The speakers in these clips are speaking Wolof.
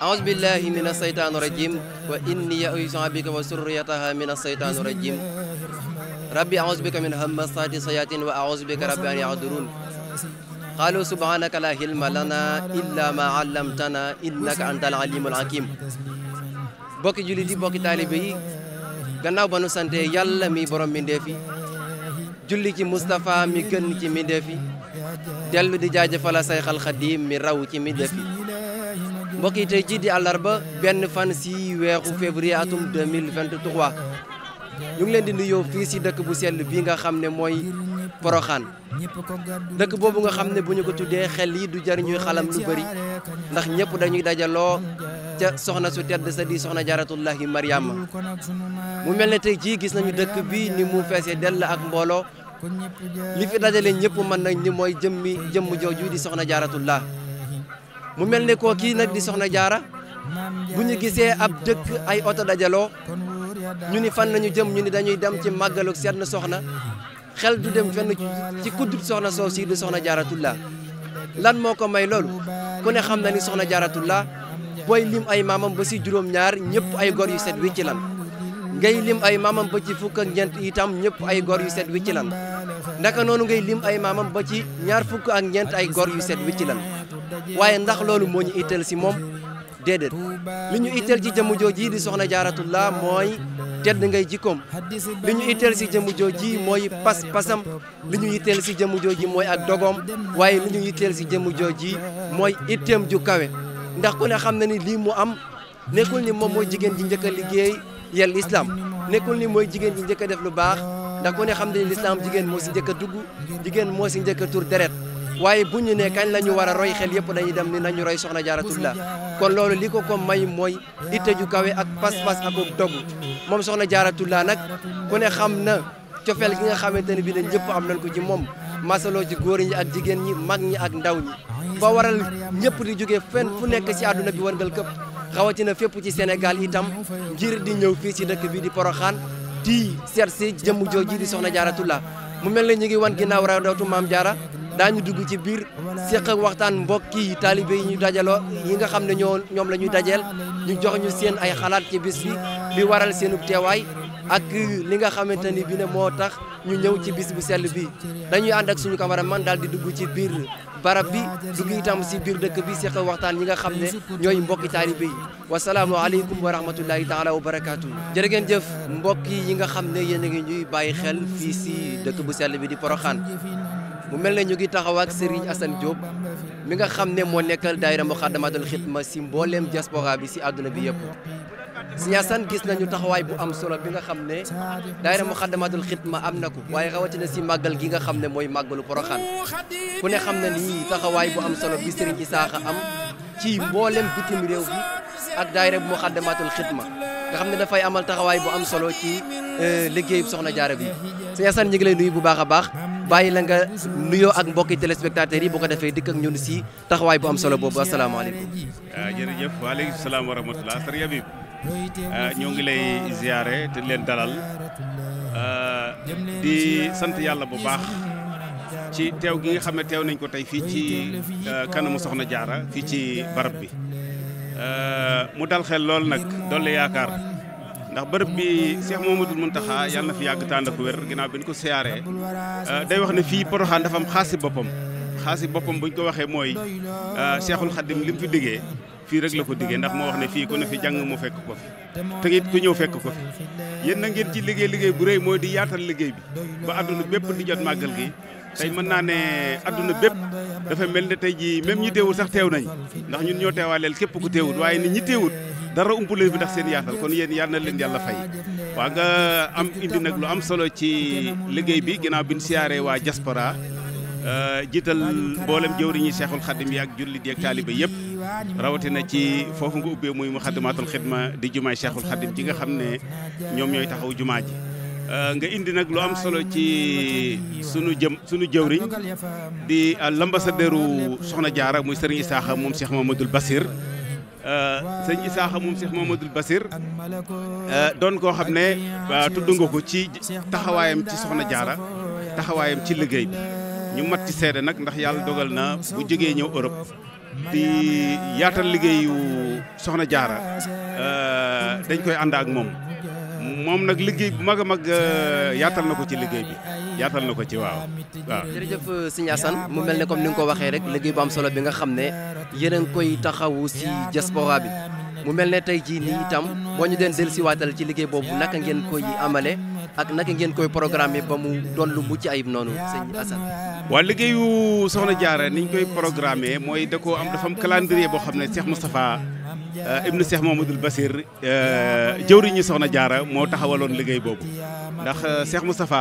أعوذ بالله من الشيطان الرجيم وإني أعوذ بك وسريتها من الشيطان الرجيم ربي أعوذ بك من همزات الشياطين وأعوذ بك ربي أن يحضرون قالوا سبحانك لا علم لنا إلا ما علمتنا إنك أنت العليم الحكيم bokki jullit yi bokki taalibe yi gannaaw ba nu sante yàlla mi borom mbindeef yi julli ci Moustapha mi gën ci mbindeef yi dellu di jaajëfal Sayxal Xadiim mi raw ci mbindeef yi mbokk yi tey jii di àllarba benn fan si weeru février atum 2023 ñu ngi leen di nuyoo fii si dëkk bu sell bii nga xam ne mooy Poroxaan dëkk boobu nga xam ne bu ñu ko tuddee xel yi du jar ñuy xalam lu bëri ndax ñëpp dañuy dajaloo ca soxna su tedd sa di soxna jaaratullahi Mariama mu mel ne tey jii gis nañu dëkk bi ni mu feesee dell ak mbooloo li fi dajale ñëpp mën nañ ni mooy jëmmi jëmm jooju di soxna jaaratullah mu mel ne koo kii nag di soxna jaara bu ñu gisee ab dëkk ay oto dajaloo ñu ni fan nañu jëm ñu ni dañuy dem ci màggalu seet na soxna xel du dem fenn ci kuddut soxna soow si di soxna jaaratullaa lan moo ko may loolu ku ne xam na ni soxna jaaratullaa booy lim ay maamam ba si juróom-ñaar ñëpp ay gor yu set wi ci lan ngay lim ay maamam ba ci fukk ak ñeent itam ñëpp ay gor yu set wi ci lan naka noonu ngay lim ay maamam ba ci ñaar fukk ak ñeent ay gor yu set wi ci lan waaye ndax loolu moo ñu itteel si moom déedéet li ñu itteel ci jëmm jooji di soxna jaaratullah mooy tedd ngay jikkoom li ñu itteel si jëmm jooji mooy pas-pasam li ñu itteel si jëmm jooji mooy ak dogoom waaye li ñu itteel si jëmm jooji mooy itteem ju kawe ndax ku ne xam na ni lii mu am nekkul ni moom mooy jigéen ji njëkk a liggéey yel islam nekkul ni mooy jigéen ji njëkk def lu baax ndax ku ne xam ne ni lislaam jigéen moo si njëkk a dugg jigéen moo si njëkk tur deret waaye bu ñu ne kañ la ñu war roy xel yëpp dañuy dem ni nañu roy soxna jaaratullah kon loolu li ko ko may mooy itte ju kawe ak pas-pas ak ak dogu moom soxna jaaratullah nag ku ne xam na cofeel gi nga xamante ne bi ne ñëpp am nañ ko ci moom masaloo ci góor ñi ak jigéen ñi mag ñi ak ndaw ñi ba waral ñëpp di jógee fenn fu nekk ci àdduna bi war wërngal këpp rawatina fépp ci Sénégal itam ngir di ñëw fii ci dëkk bi di Poroxaan di seet si jëmm jooju di soxna jaaratullah mu mel ne ñu ngi wan ginnaaw rawdatu maam jaara daañu dugg ci biir séq ak waxtaan mbokk yi taalibe yi ñu dajaloo yi nga xam ne ñoo ñoom la ñuy dajeel ñu jox ñu seen ay xalaat ci bis bi li waral seenu teewaay ak li nga xamante ni bi ne moo tax ñu ñëw ci bis bu sell bi dañuy ànd ak suñu man daal di dugg ci biir barab bi dugg itam si biir dëkk bi séq waxtaan ñi nga xam ne ñooy mbokki taalibe yi wasalaamu aleykum wa rahmatullahi taala wa barakaatu jërë ngeen jëf mbokk yi nga xam ne yéen ñuy bàyyi mu mel ne ñu ngi taxaw ak Serigne Assane Diop mi nga xam ne moo nekkal daayira Moukhaddamatoul ma si mbooleem diaspora bi si àdduna bi yëpp Serigne Assane gis nañu taxawaay bu am solo bi nga xam ne daayira Moukhaddamatoul Khidma am na ko waaye rawatina si màggal gi nga xam ne mooy màggalu ku ne xam na ni taxawaay bu am solo bi Serigne Isaaxa am ci mbooleem bitim réew bi ak daayira Moukhaddamatoul Khidma nga xam ne dafay amal taxawaay bu am solo ci euh, liggéeyub soxna jaara bi Serigne Assane ñu ngi bu baax a baax bàyyi la nga nuyoo ak mbokki téléspectateurs yi bu ko defee dikk ak ñun si taxawaay bu am solo boobu asalaamaaleykum. waaw ah, jërëjëf waaleykum salaam wa rahmatulah sëriñ Habib ah, ñoo ngi lay ziare te leen dalal ah, di sant yàlla bu baax ci teew gi nga xam ne teew nañ ko tey fii ci kanamu Soxna Jaara fii ci barab bi mu dal xel lool nag dolli yaakaar. ndax bërëb bi Cheikh Mouhamadoul Mountakha yàlla na fi yàgg tànd ko wér ginnaaw bi ñu ko siyaaree euh, day wax ne fii Porokhane dafa am si boppam xaasi boppam bu ñu ko waxee mooy euh, Cheikhul Khadim li mu fi diggee fii rek la ko diggee ndax moo wax ne fii ku ne fi jàng mu fekk ko fi te it ku ñëw fekk ko fi yéen na ngeen ci liggéey liggéey bu rëy mooy di yaatal liggéey bi ba àdduna bépp di jot màggal gi tey mën naa ne àdduna bépp dafa mel ne tey ji même ñi teewul sax teew nañ ndax ñun ñoo teewaaleel képp ku teewut waaye ni ñi teewut dara umpalee bi ndax seen yaatal kon yéen yal na leen yàlla fay waa nga am indi nag lu am solo ci liggéey bi ginaaw bi ñu siyaaree waa diaspora euh, jiital mboolem jëwriñi Seexul Xadim yi ak jullit yi ak taaliba yëpp rawatina ci foofu nga ubbee muy Muxaddamaatul Xidma di jumaay Seexul Xadim ji nga xam ne ñoom ñooy taxaw jumaa ji euh, nga indi nag lu am solo ci sunu jëm sunu jëwriñ di euh, l'ambassadeur soxna Jaara muy Serigne Isaaxa moom Cheikh Mamadou Bassir Euh, sëñ Isaaxa moom Cheikh Mamadou Basir euh, doon koo xam ne tudd nga ko ci taxawaayam ci Soxna Jaara taxawaayam ci liggéey ñu mat ci seede nag ndax yàlla dogal na bu jógee ñëw Europe di yaatal liggéeyu Soxna Jaara euh, dañ koy ànd ak moom moom nag liggéey bu mag a mag euh, yaatal na ko ci liggéey bi yaatal na ko ci waaw waaw. jërëjëf euh, Serigne Assane mu mel ne comme ni nga ko waxee rek liggéey bu am solo bi nga xam ne yéen a ngi koy taxawu si diaspora bi. mu mel ne tey jii nii itam boo ñu den dellusiwaatal ci liggéey boobu naka ngeen koy amale ak naka ngeen koy programmer ba mu doon lu mucc ayib noonu sëñ Assane. waa liggéeyu Soxna Jaara ni koy programmer mooy da koo am dafa am calendrier boo xam ne seex Cheikh Moustapha euh, ibnu Cheikh Mamadou Basir euh, jëwriñu Soxna Jaara moo taxawaloon liggéey boobu ndax euh, Cheikh Moustapha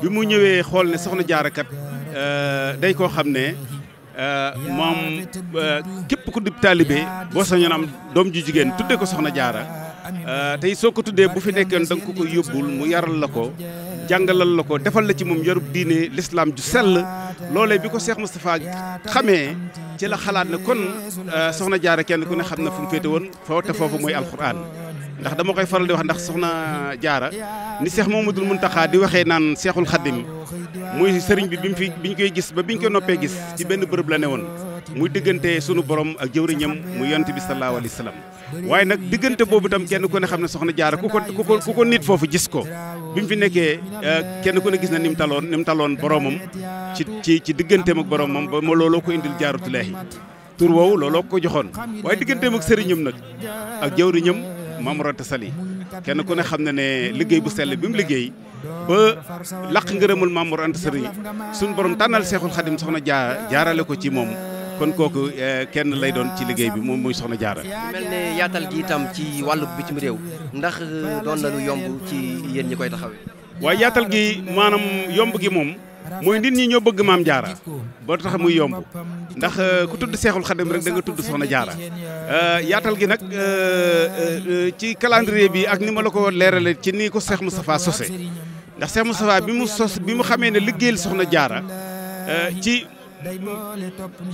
bi mu ñëwee xool ne Soxna Jaara kat day koo xam ne. Euh, moom euh, képp ku dib taalibe boo sañoon am doom ji jigéen tuddee ko soxna jaara euh, tey soo ko tuddee bu fi nekkoon da nga ko koy yóbbul mu yaral la ko jàngalal la ko defal la ci moom yarub diine lislaam ju sell loolee bi ko Cheikh Moustapha xamee ci la xalaat ne kon soxna jaara kenn ku ne xam na fu mu féete woon foo te foofu mooy alxuraan ndax dama koy faral di wax ndax soxna jaara ni seex mun taxaa di waxee naan seexul xaddim muy sëriñ bi bi mu fi ñu koy gis ba bi ñu koy noppee gis ci benn bërëb la ne woon muy diggante sunu borom ak jëwriñam mu yonent bi sallallahu alayhi wa sallam waaye nag diggante boobu itam kenn ku ne xam ne soxna jaara ku ko ku ko ku nit foofu gis ko bi mu fi nekkee euh, kenn ku ne gis na ni mu taloon ni mu taloon boromam ci ci ci digganteem ak boromam ba ma looloo ko indil jaaratuleehi tur woowu looloo ko joxoon waaye digganteem ak sëriñam nag ak jëwriñam Mamorata Sali kenn ku ne xam na ne liggéey bu sell bi mu liggéey ba laq ngërëmul Mamor Anta Sali suñu borom tànnal Seexul Xadim soxna jaa jaarale ko ci moom kon kooku eh, kenn lay doon ci liggéey bi moom muy soxna jaara mel ne yaatal gi itam ci wàllu bitim réew ndax eh, doon na yomb ci yéen ñi koy taxawee. waaye yaatal gi maanaam yomb gi moom. mooy nit ñi ñoo bëgg maam jaara ba tax muy yomb ndax euh, ku tudd seexul xadim rek da nga tudd soxna jaara euh, yaatal gi nag euh, ci calendrier bi ak ni ma la ko leerale ci nii ko seex mu Moustapha sose ndax seex Moustapha bi mu sos bi mu xamee ne liggéeyal soxna jaara ci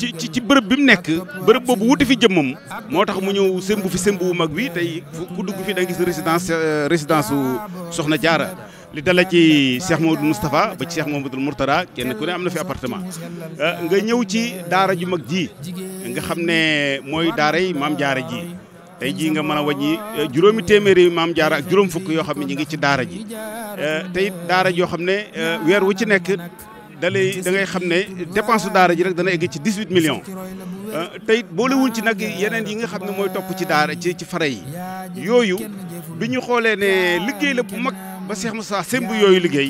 ci ci ci bërëb bi mu nekk bërëb boobu wuti fi jëmmam moo tax mu ñëw sëmbu fi sëmbu wu mag bi tey ku dugg fii da nga gis résidence résidence su soxna jaara li dala ci Cheikh Mamadou Moustapha ba ci Cheikh Mamadou Mourtada kenn ku ne am na fi appartement euh, nga ñëw ci daara ju mag ji nga xam ne mooy daara yi maam jaara ji tey jii nga mën a wàññi euh, juróomi téeméeri maam jaara ak juróom fukk yoo xam ne ñu ngi ci daara ji euh, tey daara joo xam ne weer wu ci nekk da lay da ngay xam ne dépense su daara ji rek dana egg ci 18 millions tey boolewul ci nag yeneen yi nga xam ne mooy topp ci daara ci ci fare yi yooyu bi ñu xoolee ne liggéey la bu mag. ba Cheikh Moussa semb yooyu liggéey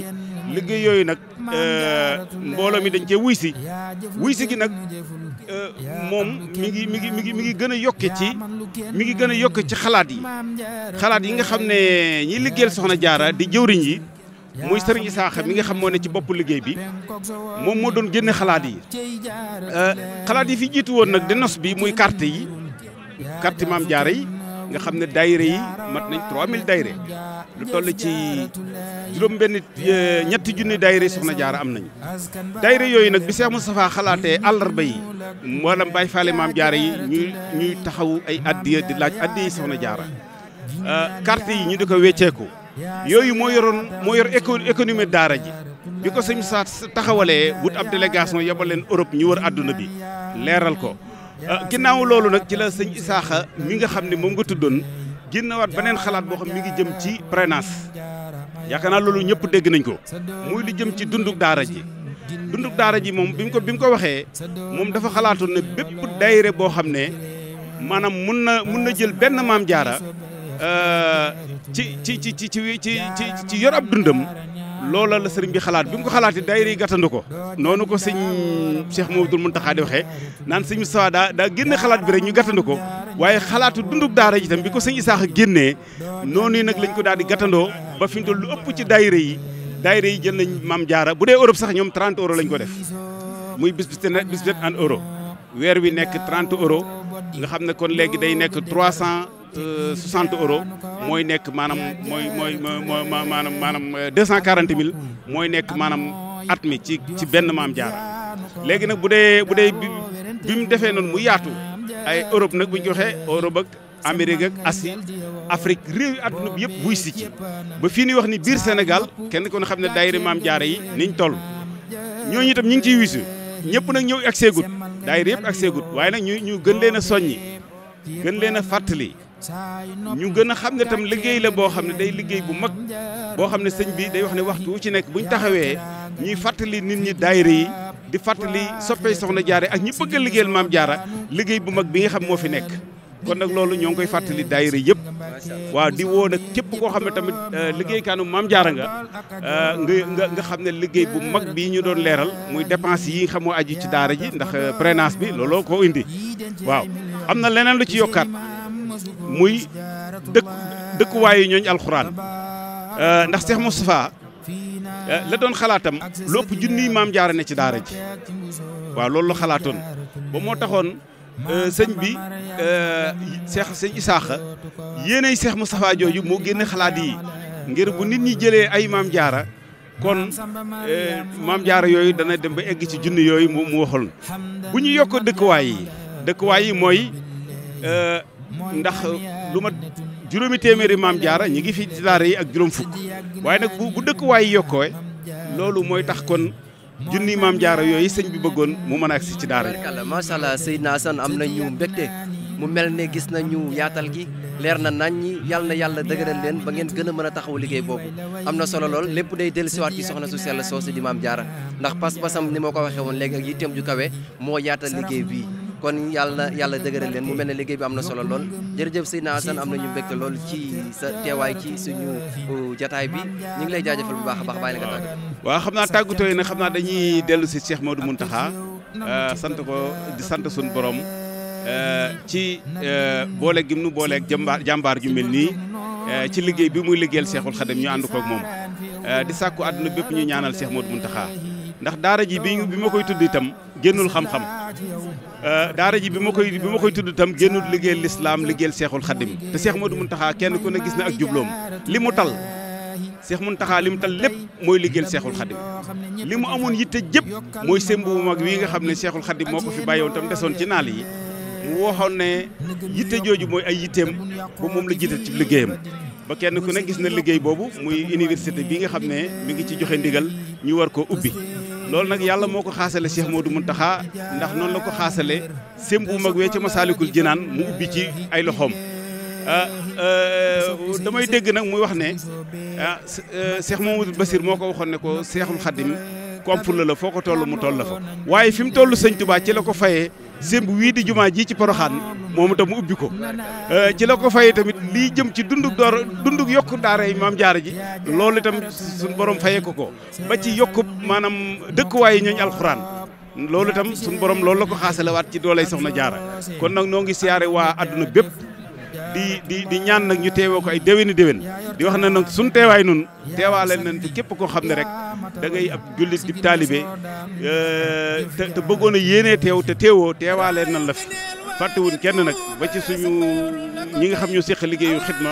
liggéey yooyu nag euh, mbooloo mi dañ cee wuy si wuy si gi nag euh, moom mi ngi mi ngi mi ngi mi ngi gën a yokke ci mi ngi gën a yokke ci xalaat yi xalaat yi nga xam ne ñi liggéeyal soxna jaara di jëwriñ yi muy sëriñ Isaaxa mi nga xam moo ne ci bopp liggéey bi moom moo doon génne xalaat yi euh, xalaat yi fi jiitu woon nag di nos bi muy carte yi carte maam jaara yi nga xam ne daayira yi mat nañ 3000 daayira lu toll ci juróom benn eh, ñetti junni daayira yi soxna jaara am nañu daayira yooyu nag bi Cheikh Moustapha xalaatee àllarba yi mboolem Baay Faal maam jaara yi ñuy ñuy taxaw ay addiya di laaj addiya yi soxna jaara eh, carte yi ñu di ko wecceeku yooyu moo yoroon moo yor économie daara ji bi ko sëñ sa taxawalee wut ab délégation yebal leen Europe ñu wër àdduna bi leeral ko Euh, ginnaaw loolu nag ci la sëñ Isaaxa mi nga xam ne moom nga tuddoon waat beneen xalaat boo xam mi ngi jëm ci prénace yaakaar naa loolu ñëpp dégg nañ ko muy li jëm ci dunduk daara ji dunduk daara ji moom bi mu ko bi mu ko waxee moom dafa xalaatoon ne bépp dayre boo xam ne maanaam mun na mun na jël benn maam jaara euh, ci ci ci ci ci ci ci yor ab dundam loola la sëriñ bi xalaat bi mu ko xalaatee daayira yi gàttandu ko noonu ko sëñ Cheikh Mouhamadoul Mountakha di waxee naan sëñ Moustapha daa daa génne xalaat bi rek ñu gàttandu ko waaye xalaatu dunduk daara ji tam bi ko sëñ Isaaxa génnee noonu yi nag lañ ko daal di gàttandoo ba fi mu toll lu ëpp ci daayira yi daayira yi jël nañ maam jaara bu dee Europe sax ñoom 30 euros lañ ko def muy bis bis bis en euro weer wi nekk 30 euros nga xam ne kon léegi day nekk 300. 60 euros mooy nekk maanaam mooy mooy maanaam maanaam 240 mille mooy nekk maanaam at mi ci ci benn maam jaara léegi nag bu dee bu dee bi mu defee noonu mu yaatu ay Europe nag bu ñu waxee Europe ak Amérique ak Asie réew yi àdduna bi yëpp buy si ci ba fii ñuy wax ni biir Sénégal kenn ko na xam ne daayira maam jaara yi niñ toll ñooñu tam ñu ngi ciy wisu ñëpp nag ñëw ak seegut daayira yëpp ak seegut waaye nag ñu ñu gën leen a soññi gën leen a fàttali ñu gën a xam ne tam liggéey la boo xam ne day liggéey bu mag boo xam ne sëñ bi day wax ne waxtu wu ci nekk bu ñu taxawee ñuy fàttali nit ñi daayira yi di fàttali soppee soxna jaare ak ñi bëgg a liggéeyal maam jaara liggéey bu mag bi nga xam moo fi nekk kon nag loolu ñoo ngi koy fàttali daayira yëpp waaw di woo nag képp koo xam ne tamit euh, liggéey kaanu maam jaara euh, nga nga nga xam ne liggéey bu mag bii ñu doon leeral muy dépense yi nga xam moo aju ci daara ji ndax euh, prénance bi looloo ko indi waaw am na leneen lu ci yokkaat muy dëkk yi ñooñu alxuraan euh, ndax seex Moustapha euh, la doon xalaatam lépp junniy maam jaara ne ci daara ji waaw loolu xalaatoon ba moo taxoon euh, sëñ bi Cheikh sëñ Isaaxa yéenay Cheikh Moustapha jooju moo génne xalaat yi ngir bu nit ñi jëlee ay maam jaara kon maam jaara yooyu dana dem ba egg ci junni yooyu mu mu waxoon bu ñu yokk dëkkuwaay yi dëkkuwaay yi mooy. ndax lu mat juróomi téeméeri maam jaara ñu ngi fi ci daara yi ak juróom fukk waaye nag bu bu dëkkuwaay yokkoo loolu mooy tax kon junni maam jaara yooyu sëñ bi bëggoon mu mën a agsi ci daara yi. macha allah Seydina Assane am na nañu mbégte mu mel ne gis nañu yaatal gi leer na nañ ñi yàlla na yàlla dëgëral leen ba ngeen gën a mën a taxawu liggéey boobu am na solo lool lépp day dellusiwaat ci soxna su sell soosu di maam jaara ndax pas-pasam ni ma ko waxee woon léegi ak yitteem ju kawe moo yaatal liggéey bii. kon yàlla na yàlla dëgëral leen mu mel ne liggéey bi am na solo lool jëf jërëjëf Seydina Assane am na nañu mbégte lool ci sa teewaay ci suñu uh, jataay bi ñu ngi lay jaajëfal bu baax a baax bàyyi la nga tàgg waaw xam naa tàggatoo yi xam naa dañuy dellu si du Modou taxaa uh, sant ko di sant suñu borom uh, ci boole gi nu booleeg jàmbaar jàmbaar ju mel nii ci liggéey bi muy liggéeyal Cheikhul Khadim ñu ànd koog moom di sàkku àdduna bépp ñu ñaanal Cheikh Modou Mountakha ndax daara ji bi ma koy tudd itam génnul xam-xam Euh, daara ji bi ma koy bi ma koy tudd itam génnul liggéeyal lislaam liggéeyal seexul xaddim te seex Moodu taxaa kenn ku ne gis na ak jubloom li mu tal seex Muntaxaa li mu tal lépp mooy liggéeyal seexul xaddim li mu amoon yitte jëpp mooy sëmb bu mag wi nga xam ne seexul xaddim moo ko fi bàyyoon tam desoon ci naal yi mu waxoon ne yitte jooju mooy ay yitteem ba moom la jiital ci liggéeyam ba kenn ku ne gis na liggéey boobu muy université bi nga xam ne mi ngi ci joxe ndigal ñu war koo ubbi loolu nag yàlla moo ko xaasale seex Cheikh Modou Mountakha ndax noonu la ko xaasale sém bu mag wee ci Masaalikul Jinaan mu ubbi ci ay loxoom ah, ah, damay dégg nag muy wax ne ah, ah Cheikh Mamadou Basir moo ko waxoon ne ko Cheikhul Khadim ko am fulla la foo ko toll mu toll la fa waaye fi mu Sëñ Tuubaa ci la ko fayee sémb wii di jumaa ji ci poroxaan moom itam ubbi ko eh, ci la ko fayee tamit lii jëm ci dunduk door dunduk yokku daara yi maam jaara ji loolu itam suñu borom fayee ko ko ba ci yokk maanaam dëkkuwaay yi ñooñu alxuraan loolu itam suñu borom loolu la ko xaasalewaat ci dooley soxna jaara kon nag noo ngi siyaare waa àdduna bépp di di di ñaan nag ñu teewoo ko ay déwéni déwén di wax na nag suñu teewaay nun teewaaleel nañ fi képp koo xam ne rek dangay ngay ab jullit di taalibe euh, te te bëggoon a yéenee teew te teewoo teewaaleel nañ la fi fàttewuñ kenn nag ba ci suñu ñi nga xam ñu seq liggéeyu xidma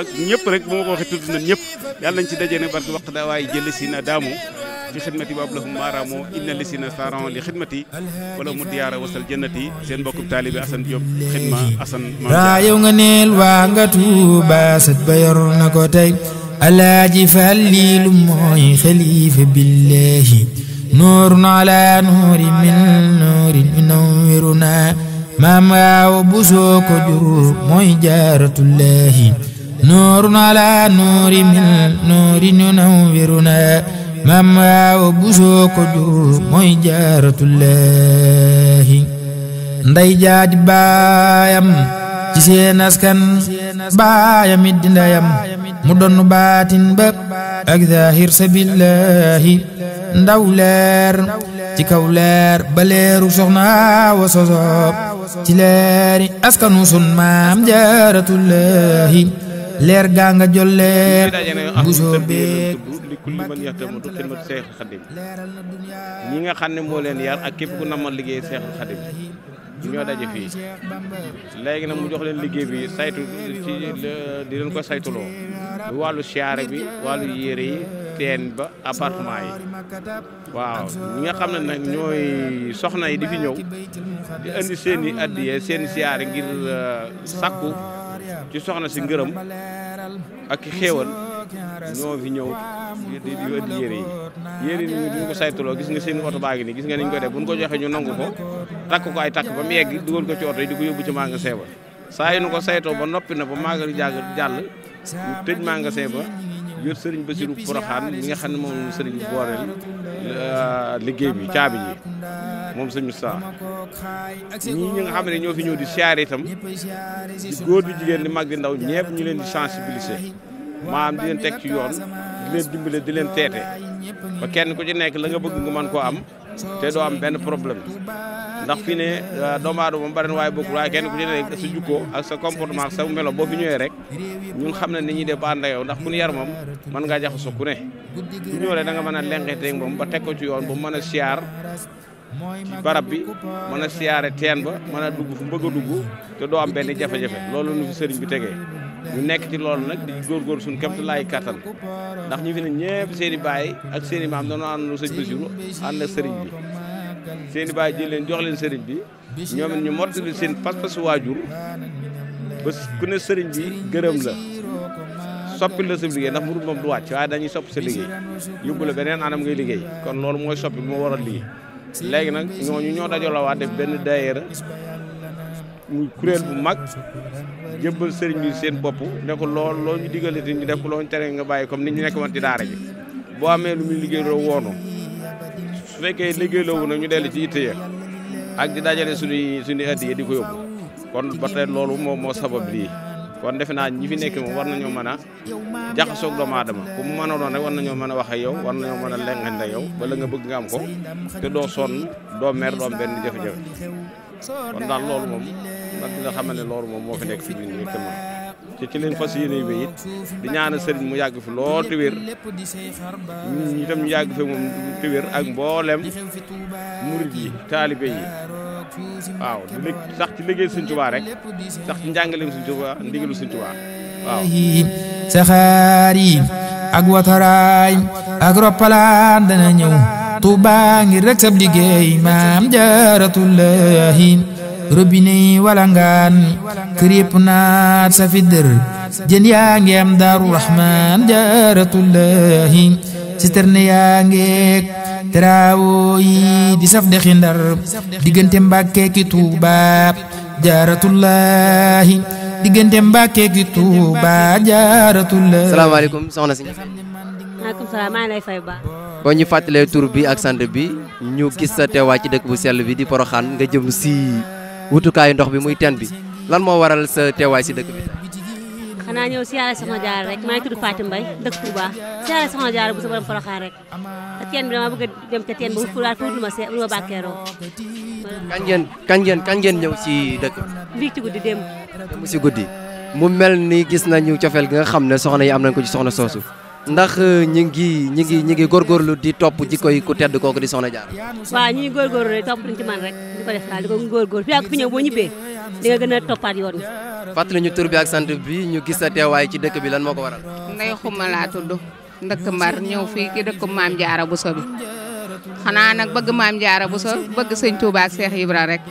ak ñëpp rek bu ma ko waxee tudd na ñëpp yàlla nañ ci daje ne barke waq daa waaye jële si na daamu fi xidmati wa ablahum maaraamu inna lisina saaran li xidmati wala mu diyaara wasal jannati seen mbokkum taalibi Assane Diop xidma Assane raa yow nga neel waa nga Tuuba sët ba yor na ko tey alaaji fal lii lu mooy xalifa billahi nuurun ala nuuri min nuurin yunawwiruna maam waaw bu soo ko jur mooy jaaratullahi nuurun ala nuuri min nuurin yunawwiruna maam waaw busoo ko jur mooy jaaratullaahi nday jaadi baayam ci seen askan baayam it di ndayam mu donn baatin ba ak zaahir sabillaahi ndaw leer ci kaw leer baleeru leeru soxna wa sosob ci leeri askanu sun maam jaaratullaahi leer gaa nga jollee bu soobee ñi nga xam ne moo leen yar ak képp ku namal liggéey Seexul Xadim ñoo daje fii léegi nag mu jox leen liggéey bi saytu ci di leen ko saytuloo wàllu siyaare bi wàllu yére yi teen ba appartement yi waaw ñi nga xam ne nag ñooy soxna yi di fi ñëw di indi seen i addiye seen siyaare ngir euh, sakku ci soxna si ngërëm ak xéewal ñoo fi ñëw di di indi yére yi yére yi ñu ko saytuloo gis nga seen oto baa ngi gis nga niñ ko def buñ ko joxee ñu nangu ko tak ko ay takk ba mu yegg dugal ko ci oto yi di ko yóbbu ci magasin ba saa yi nu ko saytoo ba noppi na ba maagal jàgg jàll ñu tëj magasin ba yor sëriñ Basiru Poroxaan mi nga xam ne moom sëriñ booreel euh, liggéey bi caabi moom sëñ Moustapha ñii ñi nga xam ne ñoo fi ñëw di siyaare itam di góor di jigéen di mag di ndaw ñëpp ñu leen di sensibiliser maam di leen teg ci yoon di leen dimbale di leen teete ba kenn ku ci nekk la nga bëgg nga mën koo am te doo am benn problème ndax fi ne euh, doomu moom bari na waaye bokkul waaye kenn ku ci ne su ak sa comportement sa melo boo fi ñëwee rek ñu xam ne ni ñuy def ba ànd ak ndax ku ñu yar moom mën ngaa jaxasoo ku ne bu ñëwee rek da nga mën a lenqeteeg moom ba teg ko ci yoon ba mën a siyaar ci barab bi mën a siyaare teen ba mën a dugg fu mu bëgg dugg te doo am benn jafe-jafe loolu nu fi sëriñ bi tegee ñu nekk ci loolu nag di góorgóor suñu képp laay kattan ndax ñu fi ne ñëpp seen i baay ak seen i maam dañoo ànd sëñ bi seen i baay jël leen jox leen sëriñ bi ñoom ñu mottali seen pas-pasu waajur ba ku ne sëriñ bi gërëm la soppi la sa liggéey ndax murid moom du wàcc waaye dañuy soppi sa liggéey yóbbu la beneen anam ngay liggéey kon loolu mooy soppi moo war a liggéey léegi nag ñooñu ñoo dajaloo waa def benn daayira mu kuréel bu mag jëbbal sëriñ bi seen bopp ne ko lool loo ñu diggale te ñu def ko loo ñu tere nga bàyyi comme ni ñu nekk woon ci daara ji boo amee lu muy liggéey loo woonoo su fekkee liggéeyloo wu ñu dellu ci yitte ak di dajale suñuy suñuy addiya di ko yóbbu kon ba tey loolu moom moo sabab lii kon defe naa ñi fi nekk moom war nañoo mën a jaxasoog doomu aadama ku mu mën a doon rek war nañoo mën a wax ak yow war nañoo mën a lengante yow ba la nga bëgg nga am ko te doo sonn doo mer doo am benn jafe-jafe kon daal loolu moom man dina xamal ne loolu moom moo fi nekk fi mu nekk moom. ci ci leen fas yéene wéy it di ñaanal sëriñ mu yàgg fi lool te wér ñun itam ñu yàgg fi moom te wér ak mboolem murid yi taalibe yi waaw di nekk sax ci liggéey Sëriñ Tuubaa rek sax ci njàngaleem Sëriñ Tuubaa ndigalu Sëriñ Tuubaa waaw ak wataraay ak roppalaan dana ñëw Tuubaa rek sab liggéey maam jaaratullahi robinet yi walangaan kër yëpp sa fi dër jën yaa ngi am daaru rahmaan jaaratullahi citerne yaa ngeeg teraawo yi di saf dexi ndar diggante mbàkkee ki tuubaa jaaratullahi diggante mbàkkee ki tuubaa jaaratullahi salaamaaleykum soxna si maaleykum salaam ñu fàttalee tur bi ak sant bi ñu gis sa teewaay ci dëkk bu sell bi di Poroxaan nga jëm si wutukaayu ndox bi muy teen bi lan moo waral sa teewaay si dëkk bi. xanaa ñëw siyaare Soxna Jaara rek maa ngi tudd Fatou Mbaye dëkk Touba siyaare Soxna Jaara bu sa borom Porokhane rek te teen bi dama bëgg dem te teen ba wut fulaat pour lu ma see lu ma bàkkeeroo. kañ ngeen kañ ngeen kañ ngeen ñëw si dëkk bi. ci guddi démb. démb si guddi mu mel ni gis nañu cofeel gi nga xam ne soxna yi am nañ ko ci soxna soosu. ndax euh, ñi ngi ñi ngi ñi ngi góorgóorlu di topp jikko ku tedd kooku di Soxna Jaara waaw ñi ngi di topp duñ ci man rek di ko def daal di ko góorgóorlu fii ak fi ñëw boo ñibbee di nga gën a toppaat yoon wi fàttali ñu tur bi ak sant bi ñu gis sa teewaay ci dëkk bi lan moo ko waral ndey xuma laa tudd ndëkk mbar ñëw fii ki dëkk maam Jaara Buso bi xanaa nag bëgg maam Jaara Buso bëgg sëñ Tuubaa ak Seex Ibra rek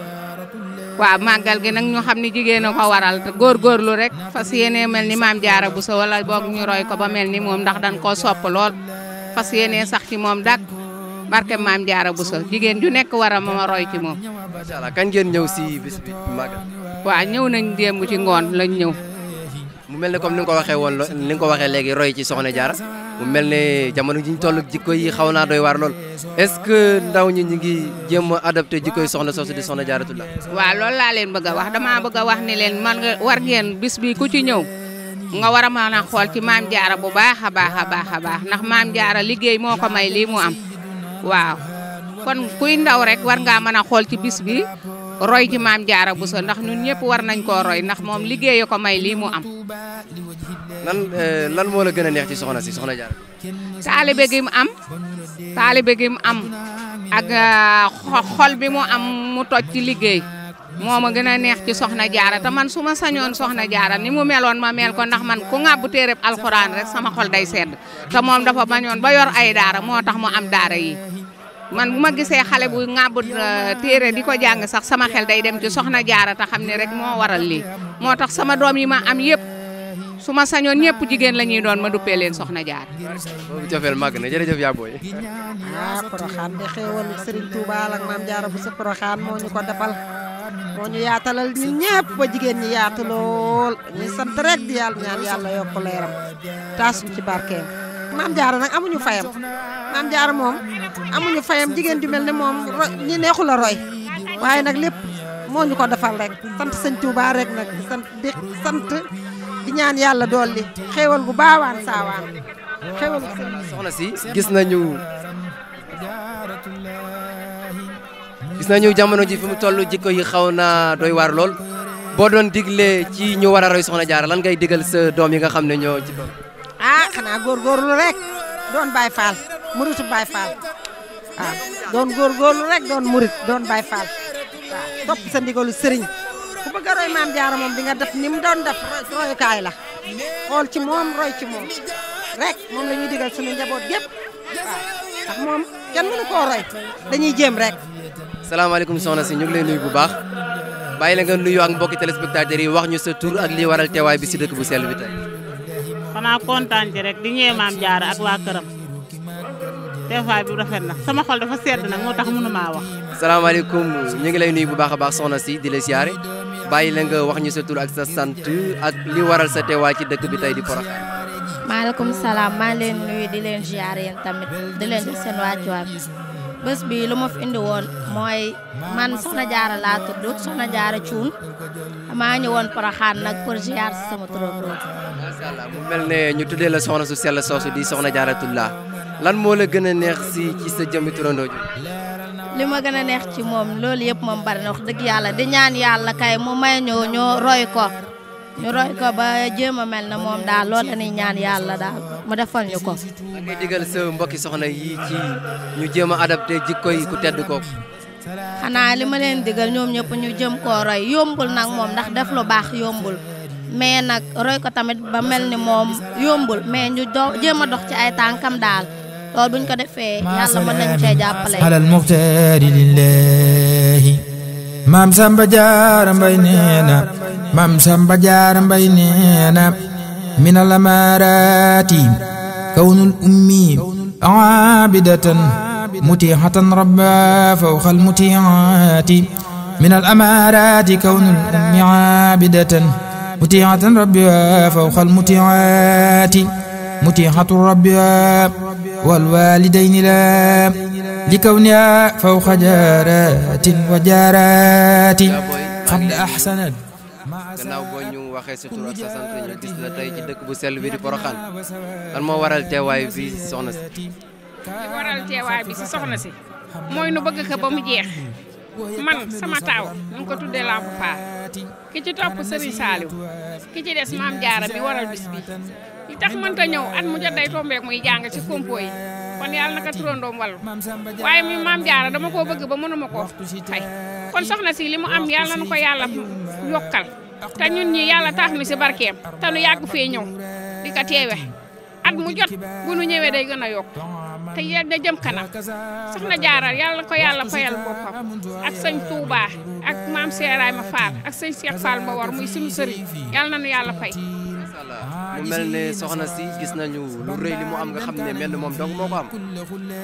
waaw màggal gi nag ñu xam ne jigéen a ko góor góorgóorlu rek fas yéene mel ni maam jaara bu sa wala boog ñu roy ko ba mel ni moom ndax dañ koo sopp lool fas yéene sax ci moom dak barke maam jaara bu sa jigéen ju nekk war a ma roy ci moom. macha allah kañ ngeen ñëw si bis bi màggal. waaw ñëw nañ démb ci ngoon lañ ñëw. mu mel ne comme ni ko waxee woon ni nga ko waxee léegi roy ci soxna jaara. mu mel ne jamono ji ñu toll jikko yi xaw naa doy waar lool est-ce que ndaw ñi ñu ngi jéem a adapté jikko yi soxna soosu di soxna Jaaratullaah. waaw loolu laa leen bëgg a wax damaa bëgg a wax ni leen man nga war ngeen bis bi ku ci ñëw nga war a mën a xool ci maam jaara bu baax a baax a baax a baax ndax maam jaara liggéey moo ko may lii mu am waaw kon kuy ndaw rek war ngaa mën a xool ci bis bi roy ci maam bu Buso ndax ñun ñëpp war nañ ko roy ndax moom liggéeyu ko may lii mu am. lan eh, lan moo la gën a neex ci soxna si soxna jaara. taalibe gi mu am taalibe gi mu am ak eh, xol bi mu am mu toj ci liggéey moo ma gën a neex ci soxna jaara man su ma sañoon soxna jaara ni mu meloon ma mel ko ndax man ku ŋàbbu téereb alxuraan rek sama xol day sedd te moom dafa bañoon ba yor ay daara moo tax mu am daara yi. man bu ma gisee xale bu ŋàbb euh, téere di ko jàng sax sama xel day dem ci soxna jaara te xam ne rek moo waral lii moo tax sama doom yi ma am yëpp su ma sañoon ñëpp jigéen la ñuy doon ma duppee leen soxna jaara. boobu cofeel màgg na jërëjëf yaa booy. ah Porokhane de xéewal Serigne jaara bu sa Porokhane moo ñu ko defal moo ñu yaatalal ñu ñëpp ba jigéen ñi yaatu lool ñuy sant rek di yàlla ñaan yàlla yokk leeram ci barkeem. maam jaara nag amuñu fayam maam jaara moom amuñu fayam jigéen ju mel ne moom ñi neexul a roy waaye nag lépp moo ñu ko defal rek sant sëñ baa rek nag sant di ñaan yàlla dolli xéewal gu baawaan saawaan xéewal gu soxna si gis nañu gis nañu jamono ji fi mu toll jikko yi xaw naa doy waar lool boo doon digle ci ñu war a roy soxna jaara lan gay digal sa doom yi nga xam ne ñoo ci ah góor góorgóorlu rek doon Baay Faal muritu Baay Faal waaw ah, doon góorgóorlu rek doon murit doon Baay Faal ah, topp sa ndigalu sëriñ ku bëgg a roy maam jaara moom di nga def ni mu doon def royukaay la xool ci moom roy ci moom rek moom la digal suñu njaboot gépp waaw ah, ndax moom kenn mënu koo roy dañuy jëm rek. salaamaaleykum soxna si ñu ngi lay nuyu bu baax bàyyi la nga nuyu ak mbokki téléspectateurs yi wax ñu sa tur ak lii waral teewaay bi si dëkk bu sell bi xanaa kontaan ci rek di ñëwee maam jaara ak waa këram teewaay bi rafet na sama xol dafa sedd nag moo tax mënu maa wax. asalaamaaleykum ñu ngi lay nuyu bu baax a baax soxna si di la siyaare bàyyi la nga wax ñu sa tur ak sa sant ak li waral sa teewaay ci dëkk bi tey di Porokhane. maaleykum salaam maa leen nuyu di leen siyaare yéen tamit di leen jox seen waajuwaay. bés bi lu ma fi indi woon mooy man soxna jaara laa tudd soxna jaara cuun maa ñu woon Porokhane nag pour ziar sama turandoo. macha allah mu mel ne ñu tuddee la soxna su sell soosu di soxna jaara tullaa lan moo la gën a neex si ci sa jëmmi turandoo ji. li ma gën a neex ci moom loolu yëpp moom bari na wax yàlla di ñaan yàlla kay mu may ñoo ñoo roy ko. ñu roy ko ba jéem a mel na moom daal loolu la ñuy ñaan yàlla daal mu defal ñu ko. ma ngi digal mbokki soxna yi ci ñu jéem a adapté jikko yi ku tedd ko. xanaa li ma leen digal ñoom ñëpp ñu jëm koo roy yombul nag moom ndax def lu baax yombul mais nag roy ko tamit ba mel ni moom yombul mais ñu do jéem a dox ci ay tànkam daal loolu buñ ko defee yàlla mën nañ cee jàppale alal muxtaari lillahi maam samba jaara nee na mam samba jaara mbay neena min alamaaraati kawnul ummi aabidatan mutixatan rabba fawqa almutiaati min alamaaraati kawnul ummi aabidatan mutixatan rabba fawqa almutiaati mutixatu rabba walwalidayni la li kawniha fawqa jaaratin wa jaaratin qad ahsanat gannaaw boo ñu waxee sa tur ak sa sant ñu gis la tey dëkk bu sell bi di Porokhane lan moo waral teewaay bi si soxna si. li waral si soxna si mooy nu bëgg ko ba mu jeex man sama taaw nu ko tuddee Lamp Fall ki ci topp Serigne ki ci maam jaara mi waral bis bi li tax mënta at mu jot day tombeek muy jàng ci compo kon yàlla naka turandoom wàllu waaye mi maam jaara dama koo bëgg ba mënuma ko fay kon soxna si li mu am yàlla nu ko yàlla yokkal te ñun ñi yàlla tax nu si barkeem te nu yàgg fee ñëw di ko teewe mu jot bu nu ñëwee day gën a yokk te yéen da jëm kanam soxna Jaara yàlla ko yàlla fayal boppam ak sëñ Touba ak maam Seeraay ma Faal ak sëñ Cheikh Fall ma war muy suñu sëriñ yàlla na nu yàlla fay. Ah, mu mel ne soxna si gis nañu lu rëy li mu am nga xam ne mel moom dong moo ko am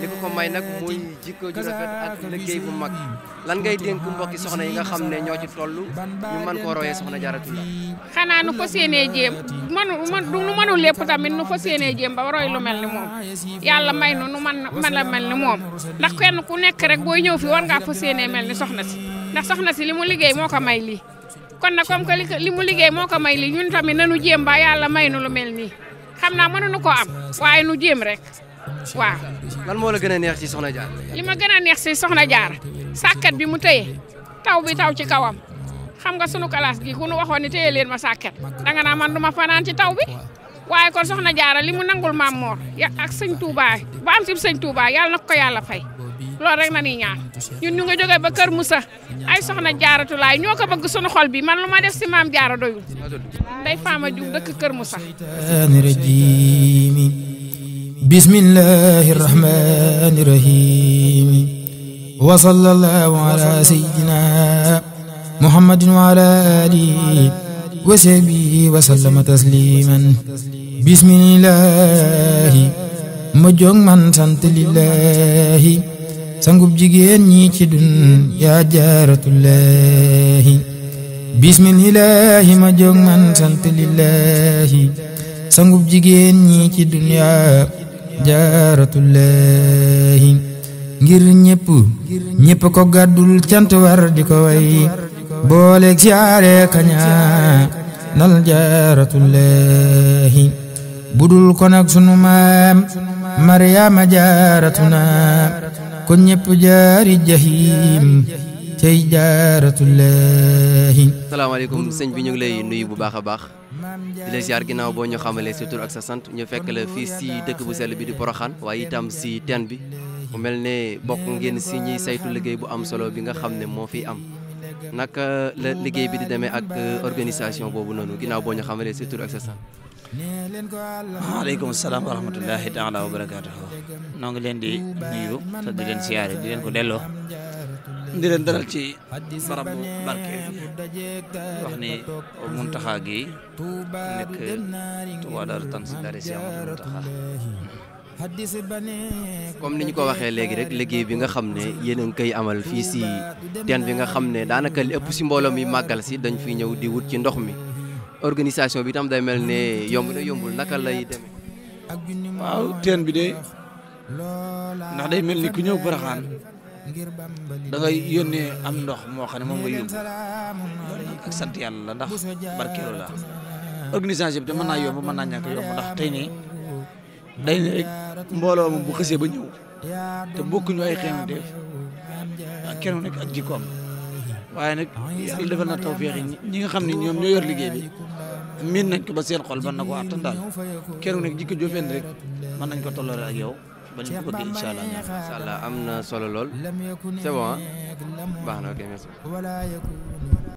li ko ko may nag muy jikko ju rafet ak liggéey bu mag lan ngay dénk mbokki soxna yi nga xam ne ñoo ci toll ñu mën koo royee soxna Jaaratulla xanaa nu ko séenee jéem manu man du nu mënul lépp tamit nu ko séenee jéem ba lu mel ni moom yàlla may nu nu man man la mel ni moom ndax kenn ku nekk rek booy ñëw fi wan ngaa fa séenee mel ni soxna si ndax soxna si li mu liggéey moo ko may lii kon nag comme que li mu liggéey moo ko may li ñun tamit nanu jéem ba yàlla may nu lu mel nii xam naa man mënuñu koo am waaye nu jéem rek waaw. lan moo la gën a neex si soxna jaar li ma gën a neex ci soxna jaar sàkket bi mu tëye taw bi taw ci kawam xam nga sunu kalaas gi ku nu waxoon ne téye leen ma sàkket danga naa man duma fanaan ci taw bi. waaye ko soxna jaara li mu nangul maam moor ya ak sëñ Touba ba am si sëñ Touba yàlla na ko yàlla fay loolu rek na ñaan ñun ñu nga jógee ba Kër Moussa ay soxna jaaratulaay ñoo ko bëgg sunu xol bi man lu ma def si maam jaara nday faama ju dëkk Kër Moussa bismillahi rahmani rahim wa wa ala wa sahbihi wa sallama tasliman man sant lillahi sangub jigéen ñi ci dun yaa jaaratullaahi bismillaahi ma jóg man sant lillaahi sangub jigéen ñi ci dun yaa jaaratullaahi ngir ñëpp ñëpp ko gàddul cant war di ko way booleeg siyaare kaña nal jaaratullaahi budul ko nag sunu maryaama jaaratuna kon ñëpp jaari jahim tey jaaratullahi salaamaaleykum sëñ bi ñu ngi lay nuyu bu baax a baax di la ginnaaw boo ñu xamalee sa tur ak sa sant ñu fekk la fii si dëkk bu sell bi di Poroxaan waaye itam si teen bi mu mel ne bokk ngeen si ñiy saytu liggéey bu am solo bi nga xam ne moo fi am naka euh, la liggéey bi di demee ak euh, organisation boobu noonu ginnaaw boo ñu xamalee sa tur ak sa sant. maaleykum salaam wa rahmatullahi taala wa barakaatuhu noo ngi leen di nuyu te di leen siyaare di leen ko delloo. di leen dalal ci barabu barke wax ni taxa gi nekk Touba Darou Tanzil daari Cheikh Muntaxaa comme ni ñu ko waxee léegi rek liggéey bi nga xam ne yéen a ngi amal fii si teen bi nga xam ne daanaka li ëpp si mbooloo mi màggal si dañ fi ñëw di wut ci ndox mi organisation bi tam day mel ne yomb na yombul naka lay demee. waaw teen bi de ndax day mel ni ku ñëw baraxaan da ngay yónnee am ndox moo xam ne moom nga yóbbu ak sant yàlla ndax barkeelu la organisation bi de mën naa yomb mën naa ñàkk yomb ndax tey nii. day ne rek mbooloo bu xasee ba ñëw te bokkuñu ay xeetu def ak kenn nekk ak jikkoom waaye nag yàlla defal na tawféex yi ñi nga xam ne ñoom ñoo yor liggéey bi miin nañ ko ba seen xol ban na ko attan daal kenn nekk jikko joo fenn rek mën nañ ko tolloore ak yow ba ñu ko bëggee incha allah incha allah am na solo lool c'est bon ah? baax na